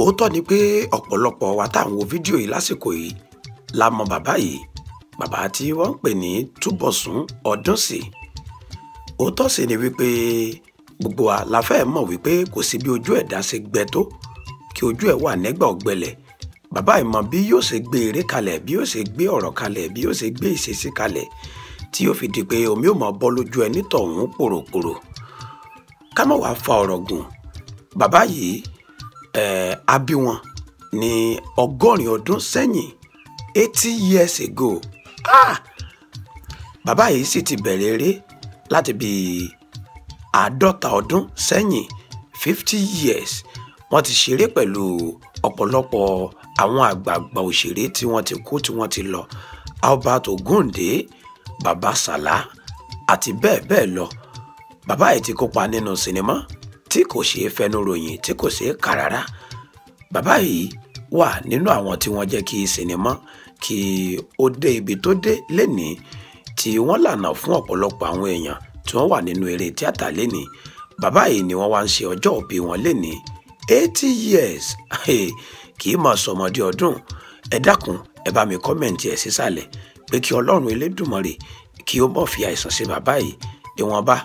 òótọ́ ni pé ọ̀pọ̀lọpọ̀ wa tá à ń wo fídíò yìí lásìkò yìí la mọ bàbá yìí bàbá tí wọ́n ń pè ní túbọ̀sún ọdúnsì òótọ́ sì ni wípé gbogbo wa la fẹ́ mọ̀ wípé kò sí bí ojú ẹ̀dá ṣe gbẹ tó kí ojú ẹ̀ wà nígbà ọ̀gbẹlẹ̀ bàbá yìí mọ bí yóò ṣe gbé eré kalẹ̀ bí yóò ṣe gbé ọ̀rọ̀ kalẹ̀ bí yóò ṣe gbé ìṣesí kalẹ̀ tí yóò fi di pé omi ò mọ bọ́ lójú ẹ nítọ̀hún pòròpòrò ká má wàá fa ọ̀rọ̀ gùn bàbá yìí eh, a bí wọn ní ọgọ́rin ọdún sẹ́yìn eighty years ago ah! bàbá yìí sì ti bẹ̀rẹ̀ eré láti bí àádọ́ta ọdún sẹ́yìn fifty years wọ́n ti ṣeré pẹ̀lú ọ̀pọ̀lọpọ̀ àwọn àgbààgbà òṣèré tí wọ́n ti kú tí wọ́n ti lọ Albert Ogunde Baba Sala àti bẹ́ẹ̀ bẹ́ẹ̀ lọ bàbá yìí ti kópa nínú sinimá tí kò ṣeé fẹnu ròyìn tí kò ṣeé kà rárá bàbá yìí wà nínú àwọn tí wọ́n jẹ́ kí sinimá kí ó dé ibi tó dé lénìí tí wọ́n lànà fún ọ̀pọ̀lọpọ̀ àwọn èèyàn tí wọ́n wà nínú eré tíátà lénìí bàbá yìí ni wọ́n wá ń ṣe ọjọ́ òbí wọn lénìí eighty years kì í máa sọmọdé ọdún ẹ dákun ẹ bá mi kọ́mẹ̀ǹtì ẹ̀ sísàlẹ̀ pé kí ọlọ́run elédùnmọ̀rè kí ó bọ̀ fi àìsàn sí bàbá yìí ìwọ̀nba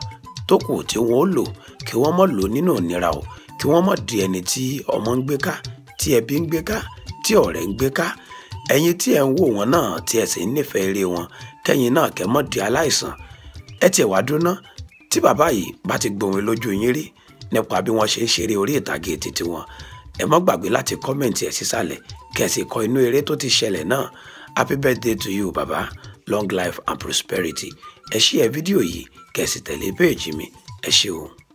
tó kù tí wọ́n ó lò kí wọ́n mọ̀ lò nínú ìnira o kí wọ́n mọ̀ di ẹni tí ọmọ ń gbé ká tí ẹbí ń gbé ká tí ọ̀rẹ́ ń gbé ká ẹ̀yin tí ẹ̀ ń wò wọ́n náà tí ẹ̀ sì ń nífẹ̀ẹ́ eré wọn kẹ́yìn náà kẹ́ mọ̀ di aláìsàn ẹ tiẹ̀ wá dúná tí bàbá yìí bá ti gbohun lójú yín rí nípa bí wọ́n ṣe ń ṣeré orí ìtàgé títí wọn ẹ mọ́ gbàgbé láti kọ́mẹ̀ntì ẹ̀ sísàlẹ̀ kẹ̀sì kọ inú eré tó ti ṣẹlẹ̀ náà happy birthday to you baba long life and prosperity ẹ ṣí ẹ fídíò yìí kẹ̀sì tẹ̀lé péèjì mi ẹ ṣé